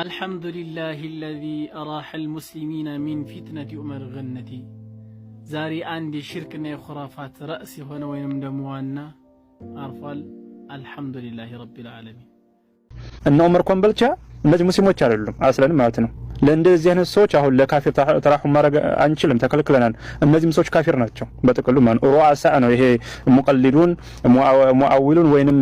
አልሐምዱሊላህ ለዚ አራሐል ሙስሊሚነ ሚን ፊትነቲ ዑመር ገነቲ። ዛሬ አንድ የሽርክና የኹራፋት ረእስ የሆነ ወይም ደግሞ ዋና አርፏል። አልሐምዱሊላህ ረቢል ዓለሚን። እነ ዑመር ኮምበልቻ እነዚህ ሙስሊሞች አይደሉም፣ አስለን ማለት ነው ለእንደዚህ አይነት ሰዎች አሁን ለካፊር ተራሁ ማድረግ አንችልም፣ ተከልክለናል። እነዚህም ሰዎች ካፊር ናቸው በጥቅሉ ማን ሩአሳ ነው። ይሄ ሙቀሊዱን ሙአዊሉን ወይንም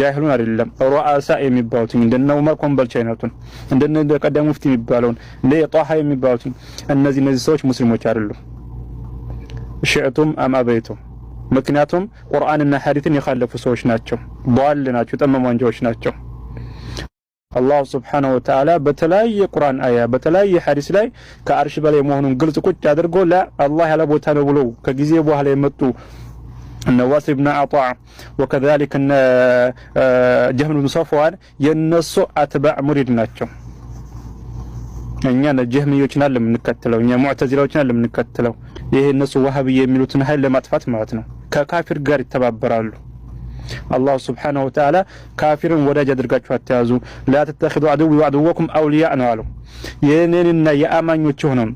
ጃሂሉን አይደለም። ሩአሳ የሚባሉት እንደነ ዑመር ኮምበልቻ አይነቱን እንደነ ቀዳሚ ሙፍቲ የሚባለውን ለጣሃ የሚባሉት እነዚህ እነዚህ ሰዎች ሙስሊሞች አይደሉም። ሽዕቱም አማበይቱ ምክንያቱም ቁርአንና ሐዲትን የካለፉ ሰዎች ናቸው። በዋል ናቸው። ጠመሟንጃዎች ናቸው። አላሁ ስብሓነሁ ወተዓላ በተለያየ ቁርአን አያ በተለያየ ሐዲስ ላይ ከአርሽ በላይ መሆኑን ግልጽ ቁጭ አድርጎ ለአላህ ያለ ቦታ ነው ብለው ከጊዜ በኋላ የመጡ ነዋስ ብን አጣ ወከዛሊክ እነ ጀህም ብን ሰፍዋን የእነሱ አትባዕ ሙሪድ ናቸው። እኛ ጀህሚዮችን አለ የምንከተለው፣ እኛ ሙዕተዚላዎችን አለ የምንከተለው። ይሄ እነሱ ዋሃብዬ የሚሉትን ኃይል ለማጥፋት ማለት ነው። ከካፊር ጋር ይተባበራሉ። አላሁ ስብሓነሁ ወተዓላ ካፊርን ወዳጅ አድርጋችሁ አትያዙ፣ ላተተኪዙ አድዊ ወአድወኩም አውሊያ ነው አለው። የእኔንና የአማኞች የሆነን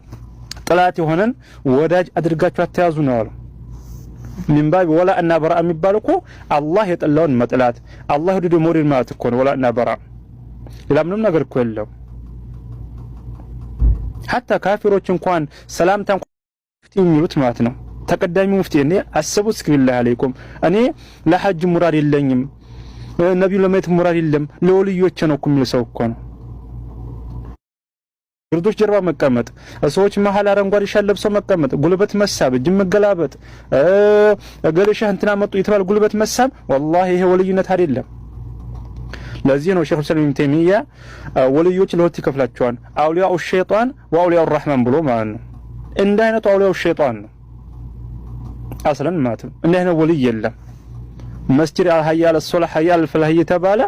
ጥላት የሆነን ወዳጅ አድርጋችሁ አትያዙ ነው አለው። ሚንባቢ ወላ እና በራ የሚባል እኮ አላህ የጠላውን መጥላት አላህ ወድዶ መውደድ ማለት እኮ ነው። ወላ እና በራ ሌላ ምንም ነገር እኮ የለው። ሀታ ካፊሮች እንኳን ሰላምታ የሚሉት ማለት ነው ተቀዳሚ ሙፍቲ እኔ አሰቡ እስክቢላህ አለይኩም እኔ ለሐጅ ሙራድ የለኝም፣ ነቢዩ ለማየት ሙራድ የለም፣ ለወልዮቼ ነው እኮ የሚል ሰው እኮ ነው። ግርዶች ጀርባ መቀመጥ፣ ሰዎች መሀል አረንጓዴ ሻል ለብሶ መቀመጥ፣ ጉልበት መሳብ፣ እጅ መገላበጥ፣ እገሌ እንትና መጡ የተባለ ጉልበት መሳብ፣ ወላሂ ይሄ ወልዩነት አይደለም። ለዚህ ነው ሼኹል ኢስላም ኢብኑ ተይሚያ ወልዮች ለሁለት ይከፍላቸዋል፣ አውሊያው ሸይጣን ወአውሊያው ራህማን ብሎ ማለት ነው። እንደ አይነቱ አውሊያው ሸይጣን ነው። አስለን ማለት ነው። እንዲህ ነው ወልይ የለም። መስጂድ አልሀያ ለሶላ ሀያ ለፈላህ እየተባለ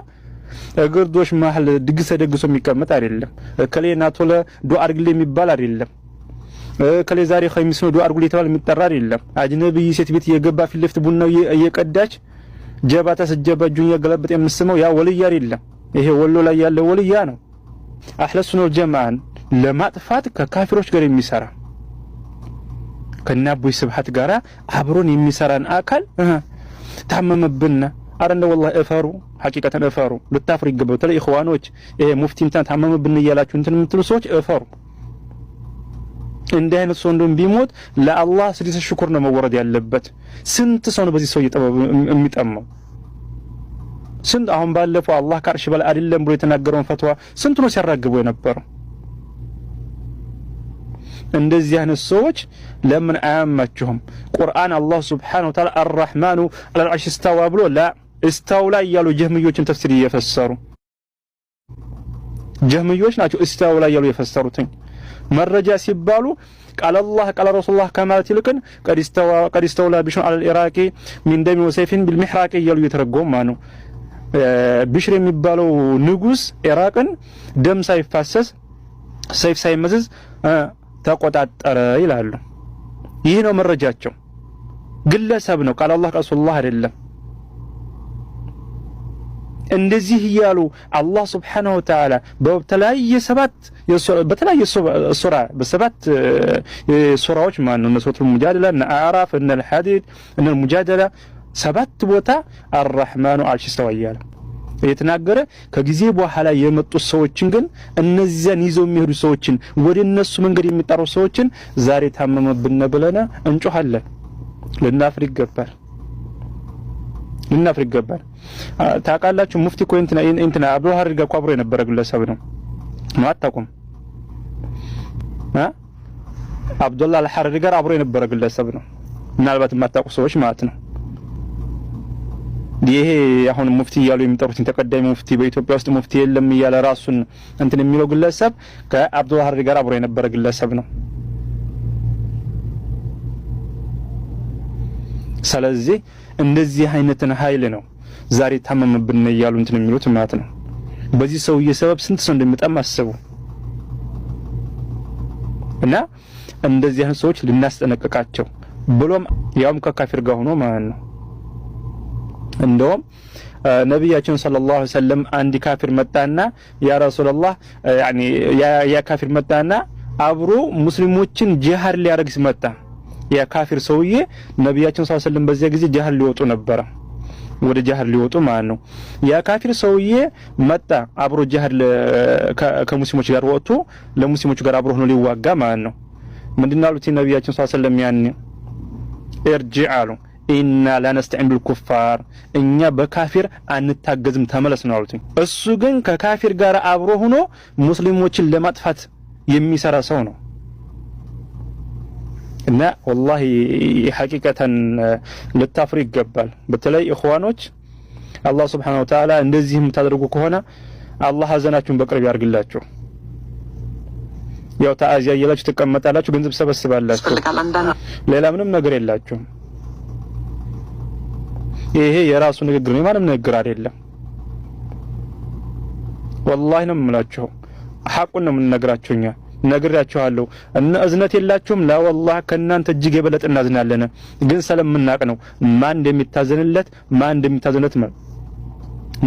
እግርዶሽ መሀል ድግስ ተደግሶ የሚቀመጥ አይደለም። ከሌ ናቶለ ዱአ አድርግልኝ የሚባል አይደለም። ከሌ ዛሬ ኸሚስ ነው ዱአ አድርጉልኝ የተባለ የሚጠራ አይደለም። አጅነቢይ ሴት ቤት የገባ ፊት ለፊት ቡናው እየቀዳች ጀባታ ስጀባ እጁን እያገላበጠ የምስመው ያ ወልይ አይደለም። ይሄ ወሎ ላይ ያለ ወልያ ነው። አህለ ሱና ለማጥፋት ከካፊሮች ጋር የሚሰራ ከእነ አቦይ ስብሐት ጋራ አብሮን የሚሰራን አካል ታመመብን። አረ እንደው ወላሂ እፈሩ፣ ሐቂቀተን እፈሩ። ልታፍሩ ይገባ። በተለይ ኢኽዋኖች ይሄ ሙፍቲ እንትን ታመመብን እያላችሁ እንትን የምትሉ ሰዎች እፈሩ። እንዲህ አይነት ሰው እንደውም ቢሞት ለአላህ ስለዚህ ሽኩር ነው መወረድ ያለበት። ስንት ሰው ነው በዚህ ሰው የሚጠማው? ስንት አሁን ባለፈው አላህ ከአርሽ በላይ አይደለም ብሎ የተናገረውን ፈትዋ ስንት ነው ሲያራግበው የነበረው? እንደዚህ አይነት ሰዎች ለምን አያማችሁም? ቁርአን አላህ ስብሓነሁ ወተዓላ አራሕማኑ ዐለል እስተዋ ብሎ ላ ላይ እያሉ ጀህምዮችን ተፍሲር እየፈሰሩ ጀህምዮች ናቸው ላይ እያሉ የፈሰሩትኝ መረጃ ሲባሉ ቃለ አላህ ቃለ ረሱሉላህ ከማለት ይልቅን ቀድ ስተውላ ቢሽሩን ዐለል ሚን ደሚ ወሰይፊን ቢልሚሕራቂ እያሉ እየተረጎሙ ነው። ቢሽር የሚባለው ንጉሥ ኢራቅን ደም ሳይፋሰስ ሰይፍ ሳይመዝዝ ተቆጣጠረ ይላሉ። ይህ ነው መረጃቸው። ግለሰብ ነው ቃል አላህ ረሱሉላህ አይደለም። እንደዚህ እያሉ አላህ ስብሓነሁ ወተዓላ በተለያየ ሰባት በተለያየ ሱራ በሰባት ሱራዎች ማለት ነው እነ ሱረቱል ሙጃደላ እነ አዕራፍ እነ አልሐዲድ እነ አልሙጃደላ ሰባት ቦታ አራሕማኑ አርሽ ስተዋ የተናገረ ከጊዜ በኋላ የመጡት ሰዎችን ግን እነዚያን ይዘው የሚሄዱ ሰዎችን ወደ እነሱ መንገድ የሚጠሩ ሰዎችን ዛሬ ታመመብን ብለን እንጮሃለን። ልናፍር ይገባል፣ ልናፍር ይገባል። ታውቃላችሁ ሙፍቲ እኮ እንትና እንትና አብዱ ሀሪር ጋር አብሮ የነበረ ግለሰብ ነው ነው አታውቁም? አብዱላህ አልሐረሪ ጋር አብሮ የነበረ ግለሰብ ነው። ምናልባት የማታውቁ ሰዎች ማለት ነው። ይሄ አሁን ሙፍቲ እያሉ የሚጠሩትን ተቀዳሚ ሙፍቲ በኢትዮጵያ ውስጥ ሙፍቲ የለም እያለ ራሱን እንትን የሚለው ግለሰብ ከአብዱልሀሪ ጋር አብሮ የነበረ ግለሰብ ነው። ስለዚህ እንደዚህ አይነትን ኃይል ነው ዛሬ ታመምብን እያሉ እንትን የሚሉት ማለት ነው። በዚህ ሰውዬ ሰበብ ስንት ሰው እንደሚጠም አስቡ። እና እንደዚህ አይነት ሰዎች ልናስጠነቅቃቸው ብሎም ያውም ከካፊር ጋር ሆኖ ማለት ነው እንደውም ነቢያችን ሰለላሁ ዐለይሂ ወሰለም አንድ ካፊር መጣና ያ ያኒ ያ ካፊር መጣና አብሮ ሙስሊሞችን ጂሃድ ሊያደርግ መጣ። ያ ካፊር ሰውዬ ነቢያችን ሰለላሁ ዐለይሂ ወሰለም በዚያ ጊዜ ጂሃድ ሊወጡ ነበረ ወደ ጂሃድ ሊወጡ ማለት ነው። ያ ካፊር ሰውዬ መጣ አብሮ ጂሃድ ከሙስሊሞች ጋር ወጥቶ ለሙስሊሞች ጋር አብሮ ሆኖ ሊዋጋ ማለት ነው። ምንድን አሉት ነቢያችን ሰለላሁ ዐለይሂ ወሰለም ያን እርጅ አሉ ኢና ላነስተዒን ብልኩፋር እኛ በካፊር አንታገዝም ተመለስ ነው አሉት። እሱ ግን ከካፊር ጋር አብሮ ሆኖ ሙስሊሞችን ለማጥፋት የሚሰራ ሰው ነው እና ወላሂ ሐቂቀተን ልታፍሩ ይገባል። በተለይ እኽዋኖች አላህ ስብሓነሁ ወተዓላ እንደዚህ የምታደርጉ ከሆነ አላህ ሀዘናችሁን በቅርብ ያርግላችሁ። ያው ተአዚያ እያላችሁ ትቀመጣላችሁ፣ ገንዘብ ሰበስባላችሁ፣ ሌላ ምንም ነገር የላችሁም። ይሄ የራሱ ንግግር ነው፣ የማንም ንግግር አይደለም። ወላሂ ነው የምላችሁ፣ ሐቁን ነው የምንነግራችሁ። እኛ ነግራችኋለሁ፣ እና እዝነት የላችሁም። ላ ወላሂ ከእናንተ እጅግ የበለጥ እናዝናለን፣ ግን ስለምናቅ ነው ማን እንደሚታዘንለት ማን እንደሚታዘንለት ማለት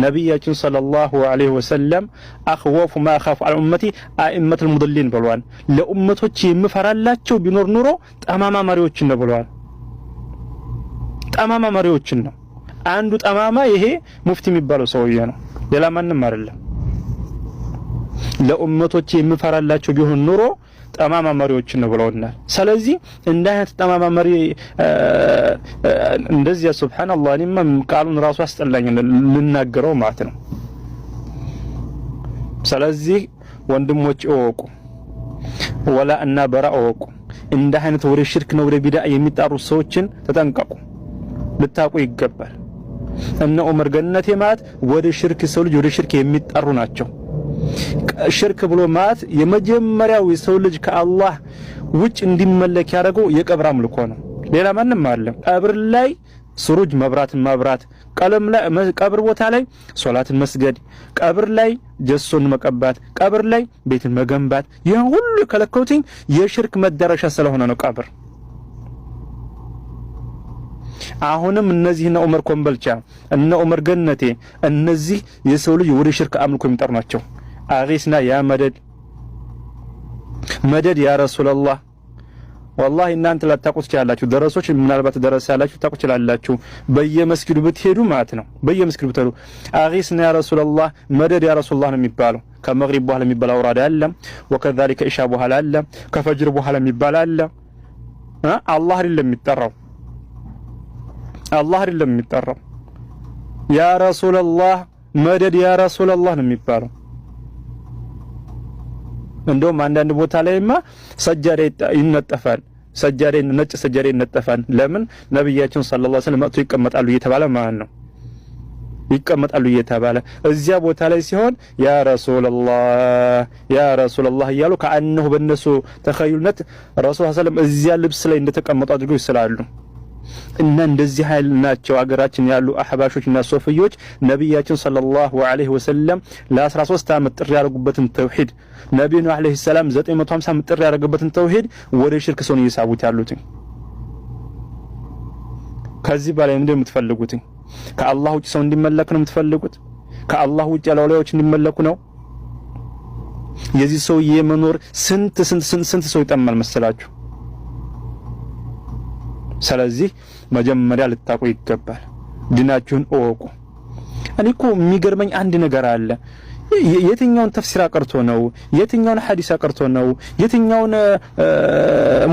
ነቢያችን ሰለላሁ ዐለይሂ ወሰለም አኽወፉ ማ አኻፉ ዐላ ኡመቲ አኢመቱል ሙድሊን ብለዋል። ለኡመቶች የምፈራላቸው ቢኖር ኑሮ ጠማማ መሪዎችን ነው ብለዋል። ጠማማ መሪዎችን ነው አንዱ ጠማማ ይሄ ሙፍቲ የሚባለው ሰውዬ ነው፣ ሌላ ማንም አይደለም። ለኡመቶች የምፈራላቸው ቢሆን ኑሮ ጠማማ መሪዎችን ነው ብለውናል። ስለዚህ እንደ አይነት ጠማማ መሪ እንደዚያ ሱብሃንአላህ፣ እኔማ ቃሉን ራሱ አስጠላኝ ልናገረው ማለት ነው። ስለዚህ ወንድሞች እወቁ፣ ወላ እና በራ እወቁ። እንደ አይነት ወደ ሽርክ ነው ወደ ቢዳ የሚጣሩ ሰዎችን ተጠንቀቁ፣ ልታውቁ ይገባል። እነ ዑመር ገነቴ ማለት ወደ ሽርክ ሰው ልጅ ወደ ሽርክ የሚጠሩ ናቸው። ሽርክ ብሎ ማለት የመጀመሪያው የሰው ልጅ ከአላህ ውጭ እንዲመለክ ያደረገው የቀብር አምልኮ ነው። ሌላ ማንም አለ ቀብር ላይ ስሩጅ መብራትን ማብራት፣ ቀብር ቦታ ላይ ሶላትን መስገድ፣ ቀብር ላይ ጀሶን መቀባት፣ ቀብር ላይ ቤትን መገንባት፣ ይህን ሁሉ የከለከሉትኝ የሽርክ መዳረሻ ስለሆነ ነው ቀብር አሁንም እነዚህ እነ ዑመር ኮምበልቻ እነ ዑመር ገነቴ እነዚህ የሰው ልጅ ወደ ሽርክ አምልኮ የሚጠሩ ናቸው። አጊስና ያ መደድ መደድ ያ ረሱላላህ ወላሂ እናንተ ላታውቁ ትችላላችሁ። ደረሶች ምናልባት ደረስ ያላችሁ ታውቁ ትችላላችሁ። በየመስጊዱ ብትሄዱ ማለት ነው። በየመስጊዱ ብትሄዱ አጊስና ያ ረሱላላህ መደድ ያ ረሱላላህ ነው የሚባለው። ከመግሪብ በኋላ የሚባል አውራዳ አለ። ወከዛሊከ ኢሻ በኋላ አለ። ከፈጅር በኋላ የሚባል አለ። አላህ አይደለም የሚጠራው አላህ አይደለም የሚጠራው። ያ ረሱላህ መደድ ያ ረሱላህ ነው የሚባለው። እንደውም አንዳንድ ቦታ ላይማ ሰጃዳ ይነጠፋል። ሰጃዳ ነጭ ሰጃዳ ይነጠፋል። ለምን ነብያችን ሰለላሁ ዐለይሂ ወሰለም መጥቶ ይቀመጣሉ እየተባለ ማለት ነው ይቀመጣሉ እየተባለ እዚያ ቦታ ላይ ሲሆን ያ ረሱላህ ያ ረሱላላህ እያሉ ከአነሁ በእነሱ ተኸይሉነት ረሱል ሰለም እዚያ ልብስ ላይ እንደተቀመጡ አድርገው ይስላሉ። እና እንደዚህ ኃይል ናቸው አገራችን ያሉ አህባሾች እና ሶፍዮች ነቢያችን ሰለላሁ ዐለይሂ ወሰለም ለ13 ዓመት ጥሪ ያደረጉበትን ተውሂድ ነቢዩ ነው ዐለይሂ ሰላም 950 ዓመት ጥሪ ያደረጉበትን ተውሂድ ወደ ሽርክ ሰውን እየሳቡት ያሉት። ከዚህ በላይ ምንድን የምትፈልጉት? ከአላህ ውጭ ሰው እንዲመለክ ነው የምትፈልጉት? ከአላህ ውጭ ያለውላዮች እንዲመለኩ ነው። የዚህ ሰውዬ መኖር ስንት ስንት ስንት ሰው ይጠማል መሰላችሁ? ስለዚህ መጀመሪያ ልታውቁ ይገባል። ድናችሁን እወቁ። እኔ እኮ የሚገርመኝ አንድ ነገር አለ። የትኛውን ተፍሲር አቅርቶ ነው? የትኛውን ሐዲስ አቅርቶ ነው? የትኛውን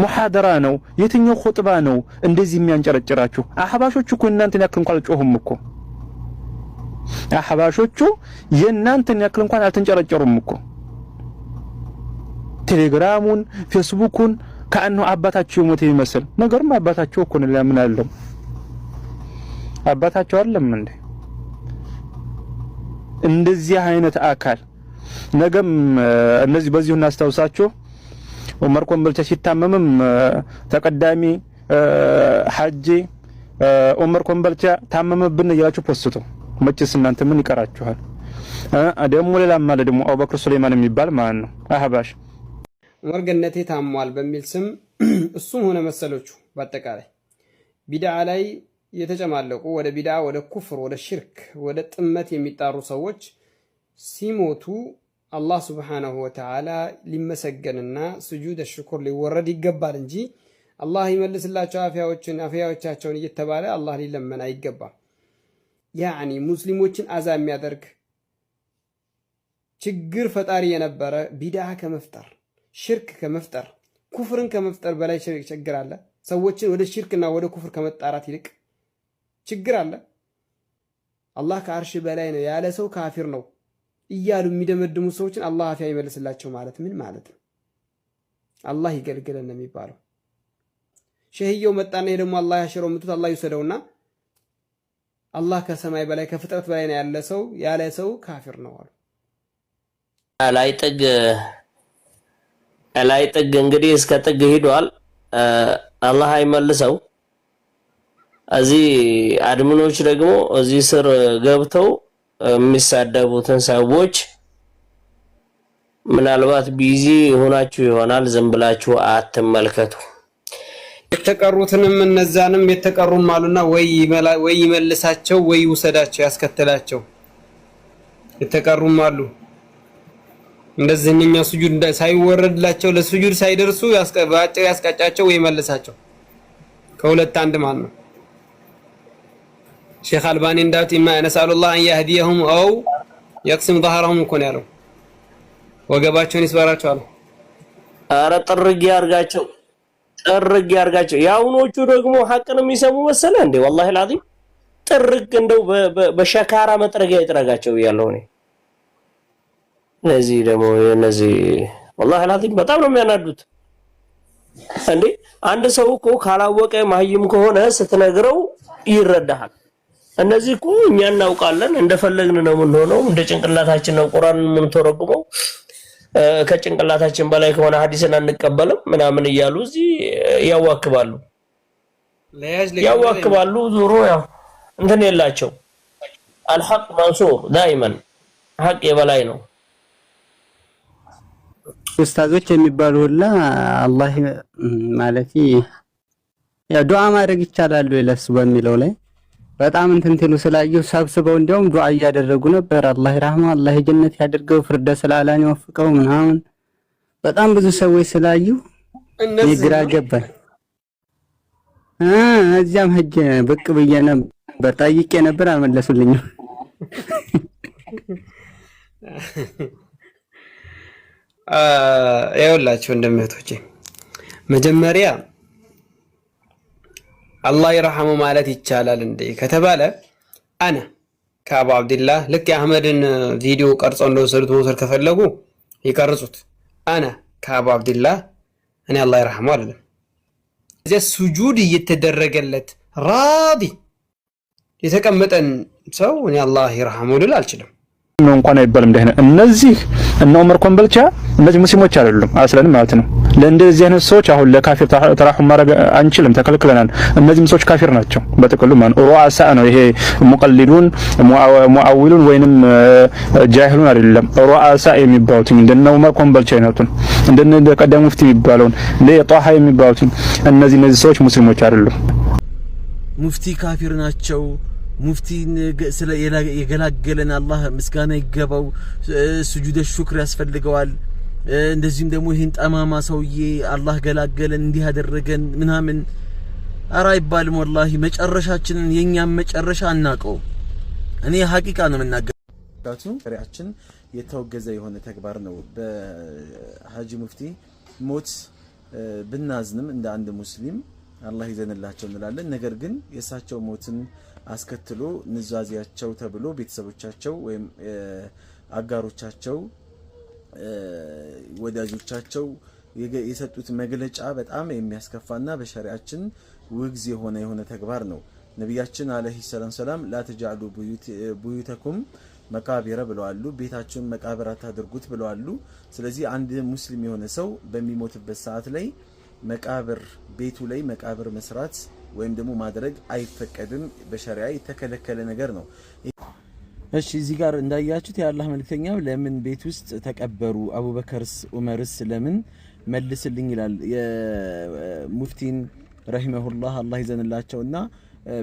ሙሐደራ ነው? የትኛው ኹጥባ ነው? እንደዚህ የሚያንጨረጭራችሁ አህባሾቹ እኮ እናንተን ያክል እንኳን አልጮሁም እኮ አህባሾቹ የእናንተን ያክል እንኳን አልተንጨረጨሩም እኮ ቴሌግራሙን ፌስቡኩን ከአንሁ አባታቸው ሞት ይመስል ነገርም አባታቸው እኮ ነው። ለምን አለው አባታቸው አይደለም እንዴ? እንደዚህ አይነት አካል ነገም እነዚህ በዚሁ እናስታውሳቸው። ኡመር ኮምቦልቻ ሲታመምም ተቀዳሚ ሐጂ ኡመር ኮምቦልቻ ታመመብን እያላችሁ ፖስቶ መቼስ እናንተ ምን ይቀራችኋል? ደግሞ ሌላም አለ ደግሞ አቡበክር ሱሌማን የሚባል ማለት ነው አህባሽ መርገነቴ ታሟል በሚል ስም እሱም ሆነ መሰሎቹ በአጠቃላይ ቢድዓ ላይ የተጨማለቁ ወደ ቢድዓ፣ ወደ ኩፍር፣ ወደ ሽርክ፣ ወደ ጥመት የሚጣሩ ሰዎች ሲሞቱ አላህ ስብሓነሁ ወተዓላ ሊመሰገንና ስጁድ ሽኩር ሊወረድ ይገባል እንጂ አላህ ይመልስላቸው አፍያዎችን አፍያዎቻቸውን እየተባለ አላህ ሊለመን አይገባም። ያኒ ሙስሊሞችን አዛ የሚያደርግ ችግር ፈጣሪ የነበረ ቢድዓ ከመፍጠር ሽርክ ከመፍጠር ኩፍርን ከመፍጠር በላይ ችግር አለ? ሰዎችን ወደ ሽርክና ወደ ኩፍር ከመጣራት ይልቅ ችግር አለ? አላህ ከአርሽ በላይ ነው ያለ ሰው ካፊር ነው እያሉ የሚደመድሙ ሰዎችን አላህ አፊያ ይመልስላቸው ማለት ምን ማለት ነው? አላህ ይገልግለን የሚባለው። ሸህየው መጣና ይሄ ደግሞ አላህ ያሸረው ምትት አላህ ይውሰደውና አላህ ከሰማይ በላይ ከፍጥረት በላይ ነው ያለ ሰው ያለ ሰው ካፊር ነው አሉ ላይ ጥግ ላይ ጥግ እንግዲህ እስከ ጥግ ሂዷል። አላህ አይመልሰው። እዚህ አድሚኖች ደግሞ እዚህ ስር ገብተው የሚሳደቡትን ሰዎች ምናልባት ቢዚ ሆናችሁ ይሆናል፣ ዝም ብላችሁ አትመልከቱ። የተቀሩትንም እነዛንም የተቀሩም አሉና ወይ ይመልሳቸው ወይ ውሰዳቸው ያስከትላቸው የተቀሩም አሉ። እንደዚህ እነኛ ስጁድ ሳይወረድላቸው ለስጁድ ሳይደርሱ በአጭር ያስቀጫቸው ወይ መልሳቸው ከሁለት አንድ ማለት ነው። ሼክ አልባኒ እንዳት ኢማ ነስአሉላህ አን ያህዲየሁም አው የቅስም ዛህረሁም እኮ ነው ያለው። ወገባቸውን ይስበራቸው አለ። አረ ጥርግ ያርጋቸው፣ ጥርግ ያርጋቸው። የአሁኖቹ ደግሞ ሐቅን የሚሰሙ መሰለ እንዴ? ወላሂ አልዓዚም ጥርግ እንደው በሸካራ መጥረጊያ ይጥረጋቸው እያለሁ እኔ እነዚህ ደግሞ እነዚህ ወላሂ አልዓዚም በጣም ነው የሚያናዱት። እንዴ አንድ ሰው እኮ ካላወቀ ማህይም ከሆነ ስትነግረው ይረዳሃል። እነዚህ እኮ እኛ እናውቃለን፣ እንደፈለግን ነው የምንሆነው፣ እንደ ጭንቅላታችን ነው ቁርአን የምንተረጉመው፣ ከጭንቅላታችን በላይ ከሆነ ሀዲስን አንቀበልም ምናምን እያሉ እዚህ ያዋክባሉ ያዋክባሉ። ዞሮ ያው እንትን የላቸው አልሐቅ መንሱር ዳይመን ሀቅ የበላይ ነው። ኡስታዞች የሚባሉ ሁላ አላህ ማለት ያው ዱዓ ማድረግ ይቻላል ለሱ በሚለው ላይ በጣም እንትን ትሉ ስላየሁ ሰብስበው እንዲያውም ዱዓ እያደረጉ ነበር። አላህ ይራህማ፣ አላህ ጀነት ያድርገው፣ ፍርደ ስላላን ይወፍቀው ምናምን በጣም ብዙ ሰዎች ስላዩ ይግራ ገባኝ። እዚያም ሂጅ ብቅ ብዬ ነበር ጠይቄ ነበር፣ አልመለሱልኝም። ያውላችሁ እንደምቶቼ መጀመሪያ አላህ ይርሐሙ ማለት ይቻላል እንዴ ከተባለ አነ ከአቡ አብድላህ ልክ የአህመድን ቪዲዮ ቀርጸው እንደወሰዱት መውሰድ ከፈለጉ ይቀርጹት። አነ ከአቡ አብድላህ እኔ አላህ ይርሐሙ አይደለም። እዚያ ሱጁድ እየተደረገለት ራዲ የተቀመጠን ሰው እኔ አላህ ይርሐሙ ልል አልችልም። እንኳን አይባልም እንደሆነ እነዚህ እነ ዑመር ኮምበልቻ እነዚህ ሙስሊሞች አይደሉም አስለን ማለት ነው። ለእንደዚህ አይነት ሰዎች አሁን ለካፊር ተራሁ ማድረግ አንችልም፣ ተከልክለናል። እነዚህም ሰዎች ካፊር ናቸው በጥቅሉ ማን ሩአሳ ነው። ይሄ ሙቀሊዱን ሙአዊሉን ወይንም ጃሂሉን አይደለም። ሩአሳ የሚባሉት እንደነ ዑመር ኮምበልቻ አይነቱን እንደነ ቀዳሙ ሙፍቲ የሚባለውን ለጣሃ የሚባሉት እነዚህ እነዚህ ሰዎች ሙስሊሞች አይደሉም። ሙፍቲ ካፊር ናቸው ሙፍቲን የገላገለን አላህ ምስጋና ይገባው። ስጁደ ሹክር ያስፈልገዋል። እንደዚሁም ደግሞ ይህን ጠማማ ሰውዬ አላህ ገላገለን እንዲህ አደረገን ምናምን አራ አይባልም። ወላሂ መጨረሻችንን የእኛም መጨረሻ አናቀው እኔ ሀቂቃ ነው የምናገር። ሪያችን የተወገዘ የሆነ ተግባር ነው። በሀጂ ሙፍቲ ሞት ብናዝንም እንደ አንድ ሙስሊም አላህ ይዘንላቸው እንላለን። ነገር ግን የእሳቸው ሞትን አስከትሎ ንዛዜያቸው ተብሎ ቤተሰቦቻቸው ወይም አጋሮቻቸው፣ ወዳጆቻቸው የሰጡት መግለጫ በጣም የሚያስከፋና በሸሪያችን ውግዝ የሆነ የሆነ ተግባር ነው። ነቢያችን አለይሂ ሰላም ሰላም ላተጃሉ ቡዩተኩም መቃብረ ብለዋሉ። ቤታችሁን መቃብር አታድርጉት ብለዋሉ። ስለዚህ አንድ ሙስሊም የሆነ ሰው በሚሞትበት ሰዓት ላይ መቃብር ቤቱ ላይ መቃብር መስራት ወይም ደግሞ ማድረግ አይፈቀድም። በሸሪያ የተከለከለ ነገር ነው። እሺ እዚህ ጋር እንዳያችሁት የአላህ መልክተኛ ለምን ቤት ውስጥ ተቀበሩ? አቡበከርስ ዑመርስ ለምን መልስልኝ ይላል። የሙፍቲን ረሂመሁላህ አላህ ይዘንላቸውና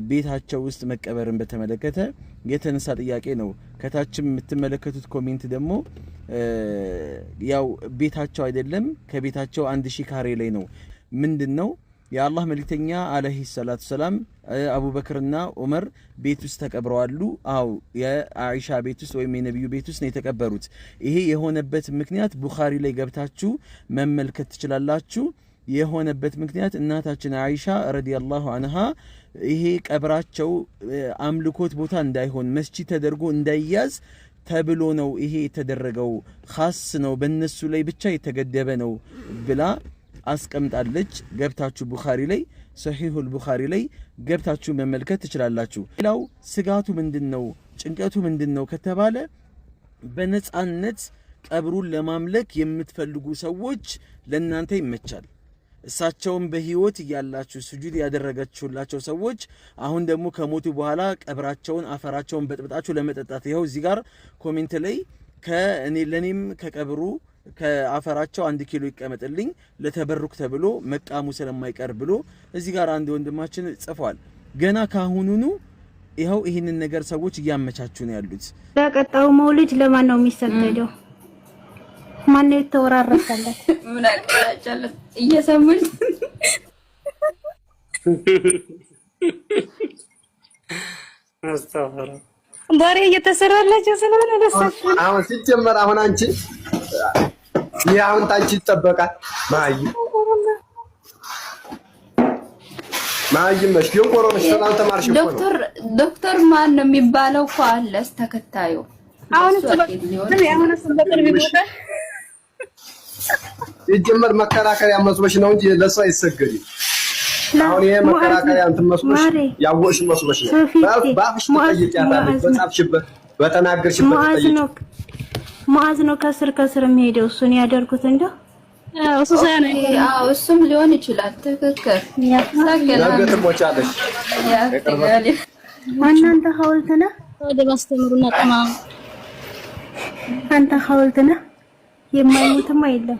ቤታቸው ውስጥ መቀበርን በተመለከተ የተነሳ ጥያቄ ነው። ከታችም የምትመለከቱት ኮሜንት ደግሞ ያው ቤታቸው አይደለም ከቤታቸው አንድ ሺህ ካሬ ላይ ነው። ምንድን ነው የአላህ መልክተኛ አለይሂ ሰላቱ ሰላም አቡበክርና ዑመር ቤት ውስጥ ተቀብረዋሉ። አው የአይሻ ቤት ውስጥ ወይም የነቢዩ ቤት ውስጥ ነው የተቀበሩት። ይሄ የሆነበት ምክንያት ቡኻሪ ላይ ገብታችሁ መመልከት ትችላላችሁ። የሆነበት ምክንያት እናታችን አይሻ ረዲያላሁ አንሃ ይሄ ቀብራቸው አምልኮት ቦታ እንዳይሆን መስጂድ ተደርጎ እንዳይያዝ ተብሎ ነው ይሄ የተደረገው፣ ኻስ ነው በእነሱ ላይ ብቻ የተገደበ ነው ብላ አስቀምጣለች። ገብታችሁ ቡኻሪ ላይ ሰሒሁል ቡኻሪ ላይ ገብታችሁ መመልከት ትችላላችሁ። ሌላው ስጋቱ ምንድን ነው? ጭንቀቱ ምንድን ነው ከተባለ በነፃነት ቀብሩን ለማምለክ የምትፈልጉ ሰዎች ለእናንተ ይመቻል። እሳቸውን በህይወት እያላችሁ ስጁድ ያደረገችሁላቸው ሰዎች አሁን ደግሞ ከሞቱ በኋላ ቀብራቸውን አፈራቸውን በጥብጣችሁ ለመጠጣት ይኸው እዚህ ጋር ኮሜንት ላይ ለእኔም ከቀብሩ ከአፈራቸው አንድ ኪሎ ይቀመጥልኝ ለተበሩክ ተብሎ መቃሙ ስለማይቀር ብሎ እዚህ ጋር አንድ ወንድማችን ጽፏል። ገና ካሁኑኑ ይኸው ይህንን ነገር ሰዎች እያመቻቹ ነው ያሉት። ለቀጣዩ መውሊድ ለማን ነው የሚሰገደው? ማነው የተወራረሰለት? ምን አቀራጨለት? እየሰሙኝ አስተዋራ ወሬ እየተሰራላችሁ ስለሆነ ደስ አሁን ሲጀመር አሁን አንቺ ይህ አሁን ታንቺ ይጠበቃል። ማይ ማይ ማይመሽ ዶክተር ተማርሽ ዶክተር ዶክተር ማን ነው የሚባለው እኮ አለስ ተከታዩ አሁን ምን እሱ በቅርብ ይሞታል። ሲጀመር መከራከሪያ መስሎሽ ነው እንጂ ለእሱ አይሰገድም። አሁን ይሄ መከራከሪያ እንትን መስሎሽ ያወቅሽ መስሎሽ ነው። ባፍሽ ትጠይቂያታለሽ፣ በጻፍሽበት በተናገርሽበት ትጠይቂያለሽ። ሙአዝ ነው ከስር ከስር የሚሄደው እሱን ያደርጉት እንደው እሱም ሊሆን ይችላል። ትክክል ነገ ትሞቻለሽ። እናንተ ሀውልት ነህ ወደ ባስተምሩና ጠማ አንተ ሀውልት ነህ የማይሞትም የለም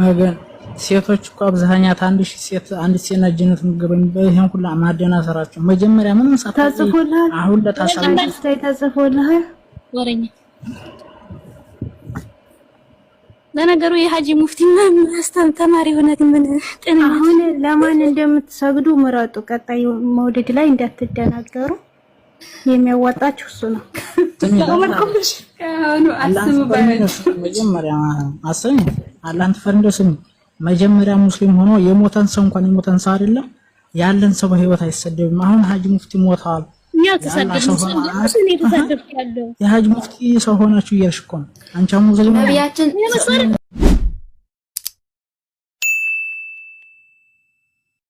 መገን ሴቶች እኮ አብዛኛት አንድ ሺህ ሴት አንድ ሴት ነች ጀነት ምግብ የሚባል ይሄን ሁላ ማደናሰራቸው መጀመሪያ ምንም ተጽፎልሃል። አሁን ለታሳቢ ተጽፎልሃል። ወሬኛ ለነገሩ የሀጂ ሙፍቲ ምናምን ተማሪ ሆነት ምን ጥን አሁን ለማን እንደምትሰግዱ ምረጡ። ቀጣይ መውደድ ላይ እንዳትደናገሩ። የሚያዋጣችሁ እሱ ነው። መጀመሪያ አስረኝ አላህን ስሚ። መጀመሪያ ሙስሊም ሆኖ የሞተን ሰው እንኳን የሞተን ሰው አይደለም ያለን ሰው በህይወት አይሰደብም። አሁን ሀጅ ሙፍቲ ሞተዋል። የሀጅ ሙፍቲ ሰው ሆናችሁ እያልሽ እኮ ነው አንቺ ሙስሊም